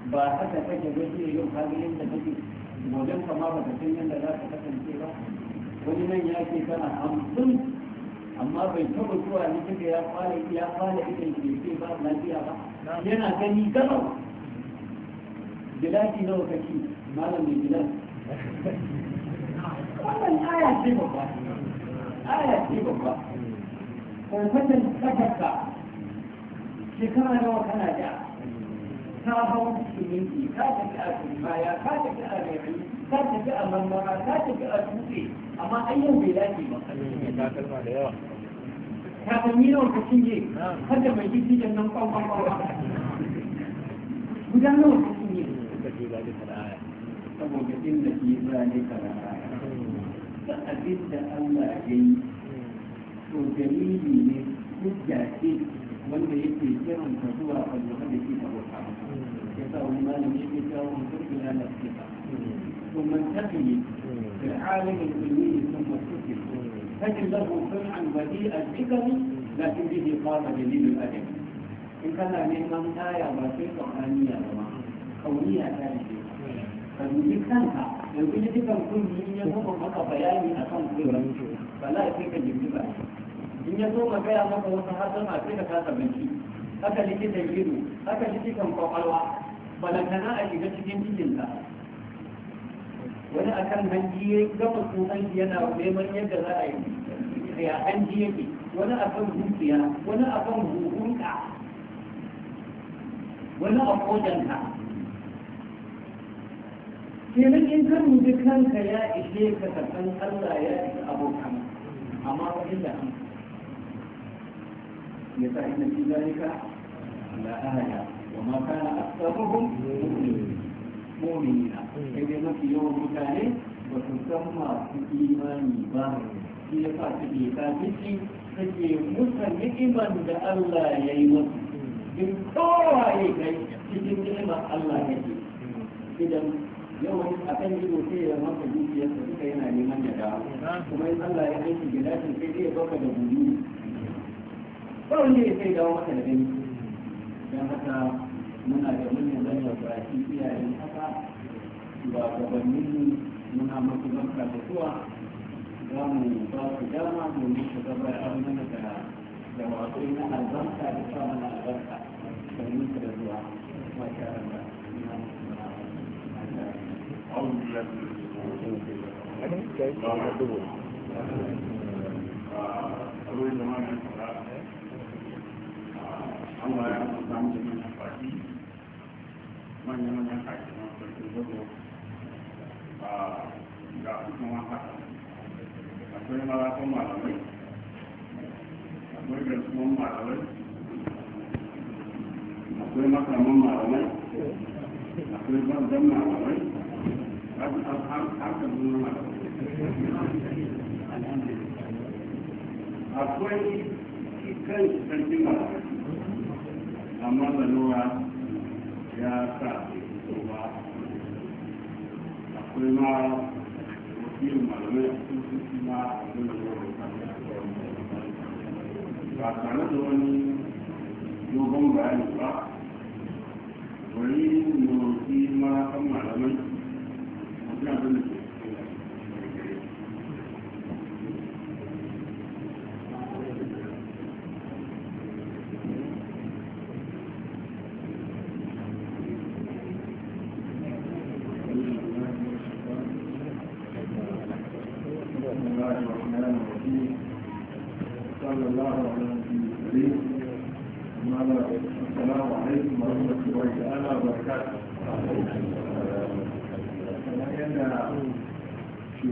ba haka take ba shi yau ka da yadda kake gobe kama ba ka san yadda za ka kasance ba wani nan ya ce kana hamsin amma bai taɓa zuwa likita ya fara ya fara ita ke ce ba lafiya ba yana gani gaba gilashi nawa kake malam mai gilas wannan aya ce babba aya ce babba kwanfatan tsakarka shekara nawa kana da ta hau siminti ta tafi a baya ta tafi a rayu ta tafi a marmara ta tafi a dutse amma ai yau bai dace ba takalma da yawa takalmi nawa ka cinye har da mai gidi da nan kwan kwan kwan guda nawa ka cinye saboda inda ke zane karara da abin da Allah ya yi to dalili ne hujja ce wanda yake kiran ka zuwa abubuwan da ke abu. ya sa wani malami yake kawo mutum da yana sun ثم انتقي في العالم العلمي ثم اتقي تجد له صنعا بديع الفكر لكن به da جليل الادب in kana neman taya ba sai ƙwaƙaniya ba ma kauniya ta rike ka dubi kanka yanzu dukkan kun ya kuma maka bayani a kan kuran ba za a ka jirgi ba in ya so magaya maka wata ma sai ka kasa banki haka likitan ido haka likitan kwakwalwa balantana a shiga cikin cikinta wani akan hanji ya gama hanji yana neman yadda za a yi ya hanji yake wani akan zuciya wani akan hukunka wani a kodanka kenan in kan rubuta kanka ya ishe ka kasan Allah ya isa abokan amma wajen da hankali يسعد في ذلك لا آية وما كان أكثرهم مؤمنين إذا ما في يوم مكانه وتسمى في إيمان بار في فاتح فاتحي take musa ni'imar da Allah ya yi musu in kowa ya kai cikin Allah ya ke idan yawan a kan ido sai ya maka zuciyarsa duka yana neman ya dawo kuma in Allah ya kai shi sai zai baka da buru ba wanda ya kai dawo masa da gani don haka muna da manyan da yaudaki iyayen haka ba gabanin muna da zuwa, za mu ba su dama domin su gabatar mana da da wato na albarka da sa mana albarka domin su da zuwa wata rana na Amin. an ba ya samu samun manyan faki manyan manyan faki na sarkin zago a ga kuma haka akwai marakon malamai akwai garkuman malamai akwai makaman malamai akwai banzan malamai har ka zuwa malamai akwai kan sarkin malamai amma lalura ya sa ba akwai ma wakilin malamai a cikin ma a cikin lalura ba tare da wani dogon bayani ba bari mu roƙi ma kan malamai a cikin abin da ke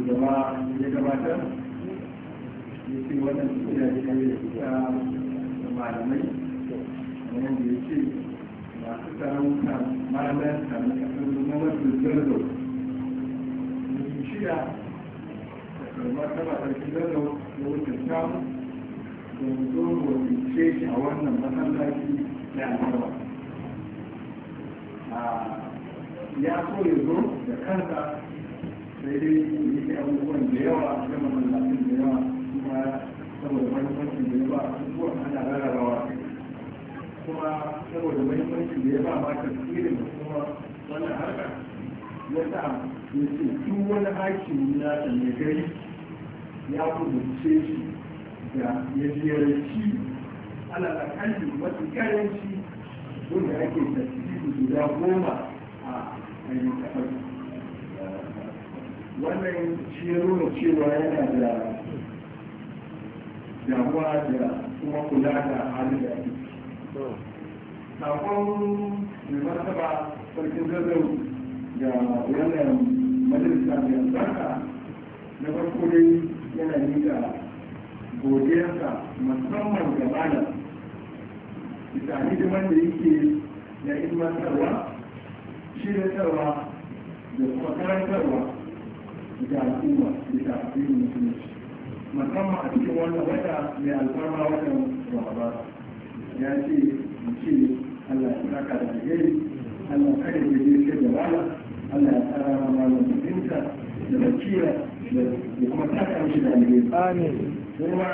shugaba ya gabata ya ce wannan suna ne da ita da malamai kamar da ya ce masu sarauta malamai ta na kasar mamar zulzurdo da su shida da karbar taba sarki zardo da wucin samu da zo wace shi a wannan masallaci da alfarwa ya so ya zo da kansa sai dai yake abubuwan da yawa a cikin mamallafin da yawa kuma saboda mahimmancin da ya ba a abubuwan ana rarrabawa kuma saboda mahimmancin da ya ba ma tafsirin da kuma wannan harka ya sa ya ce duk wani hakimi na da mai gari ya kubuce shi da ya ziyarci alalakalli mafi karanci wanda ake tafsiri guda goma a ainihin wannan shi ya nuna cewa yana da damuwa da kuma kula da halin da ake sakon mai martaba sarkin zazzau da wannan majalisa mai albarka na farko dai yana nika godiyarsa musamman ga malam bisa hidiman da yake na ilmantarwa shiryatarwa da kuma karantarwa da al'umma da addinin musulunci musamman a cikin wannan wata mai alfarma rahaba ya ce mu ce Allah ya saka da alheri Allah kada ya da shi da wala Allah ya tsara ma malam mutunta da da kuma shi da alheri amin kuma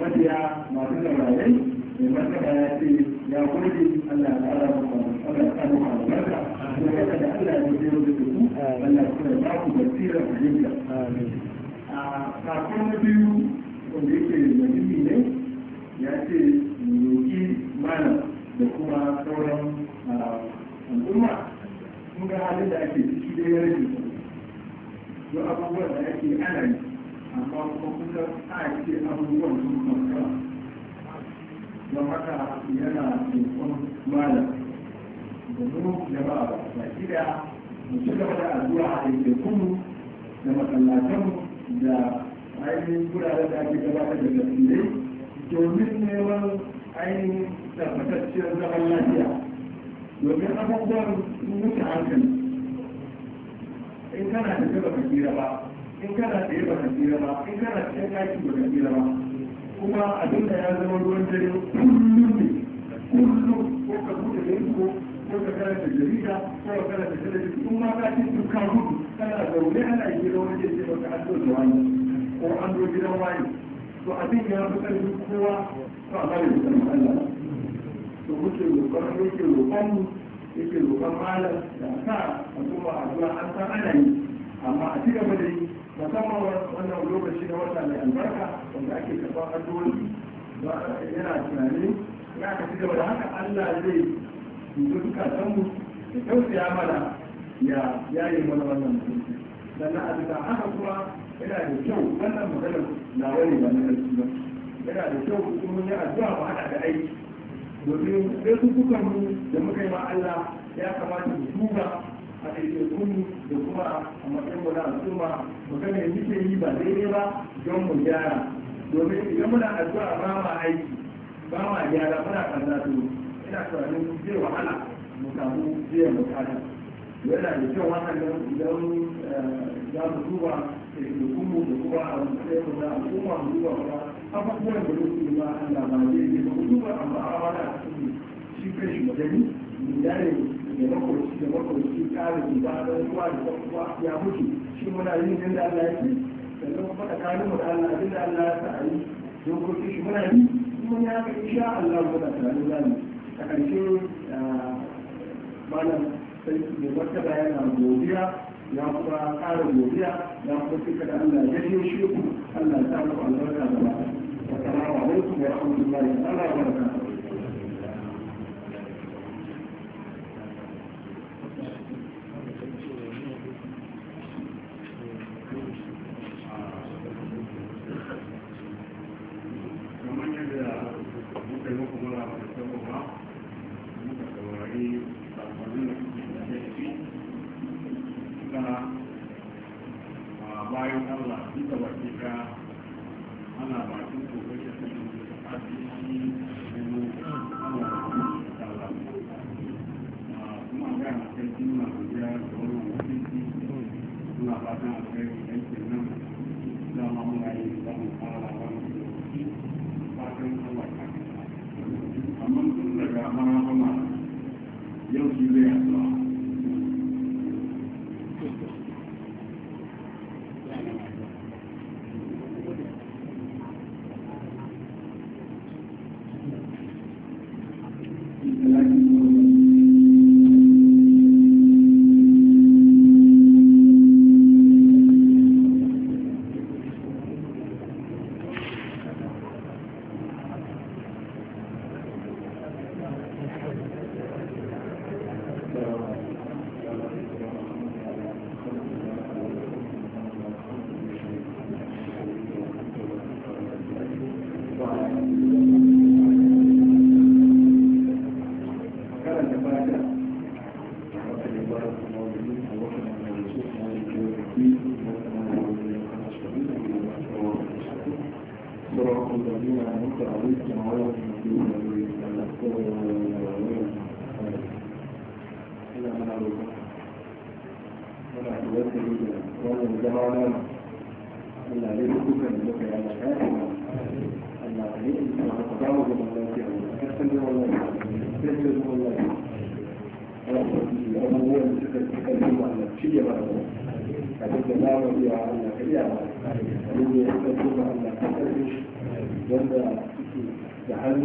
mabiya masu mai martaba ya ce ya gode Allah ya tsara ma malam Allah ya tsara ma kuma kada Allah ya da Allah kuma da ku basira fahimta kafin na biyu yake muhimmi ne ya ce roƙi malam da kuma sauran al'umma kun ga halin da ake ciki da ya rage don abubuwan da ake ana yi amma kuma kusa a ce abubuwan sun kankara don haka yana tsoron malam da mu jama'a ba gida mu ci gaba da zuwa a yankunmu da masallatanmu da ainihin guraren da ake gabatar da tasirai domin neman ainihin tabbatacciyar zaman lafiya domin abubuwan mutu hankali in kana da gaba ka tsira ba in kana da yaba ka tsira ba in kana da yan aiki ba ka tsira ba kuma abin da ya zama ruwan dare kullum ne kullum ko ka bude ko ko ka karanta jarida ko ka karanta talabijin in ma ka ci duka hudu kana zaune ana yi da wani jirgin wata an zo da wani ko an zo gidan wani to abin ya fi ƙarfin kowa ko a bari da Allah to muke roƙon yake roƙon mu yake roƙon malam da sa a kuma a zuwa an san ana yi amma a ci gaba da yi musamman wannan lokaci na wata mai albarka wanda ake karɓar addu'o'i yana tunani ya ka ci gaba da haka Allah zai duka dubu zukatanmu ya tausaya mana ya yaye mana wannan mutunci sannan a bisa haka kuma yana da kyau wannan maganar na wani ba na ƙarfi ba yana da kyau kuma yi addu'a mu haɗa da aiki domin sai su kukan mu da muka yi ma Allah ya kamata mu duba a ɗaiɗaikun da kuma a matsayin mu na al'umma mu ga me muke yi ba daidai ba don mu gyara domin idan muna addu'a ba ma aiki ba ma gyara muna kaza to ina tunanin zai wahala mu samu biyan bukata yana da kyau waɗannan idan eh, za mu duba tekunmu da kuma a wani tsayin da al'umma mu duba kuma abubuwan da muke ma Allah ba zai yi ba mu duba amma a wani a cikin shi kai shi magani mu dare da makwarci da makwarci kare mu ba da ruwa da kuma ya mutu shi muna yin da Allah ya ce sannan kuma tsakanin mu da Allah abinda Allah ya sa a yi dokokin shi muna yi kuma ya ga insha Allah muna tunanin zamu a ƙarshe eh, malam sarki mai wata bayana godiya ya kuma ƙara godiya ya kuma cika da Allah ya ce shi Allah ya samu albarka da ba. Assalamu alaikum wa rahmatullahi wa barakatuh.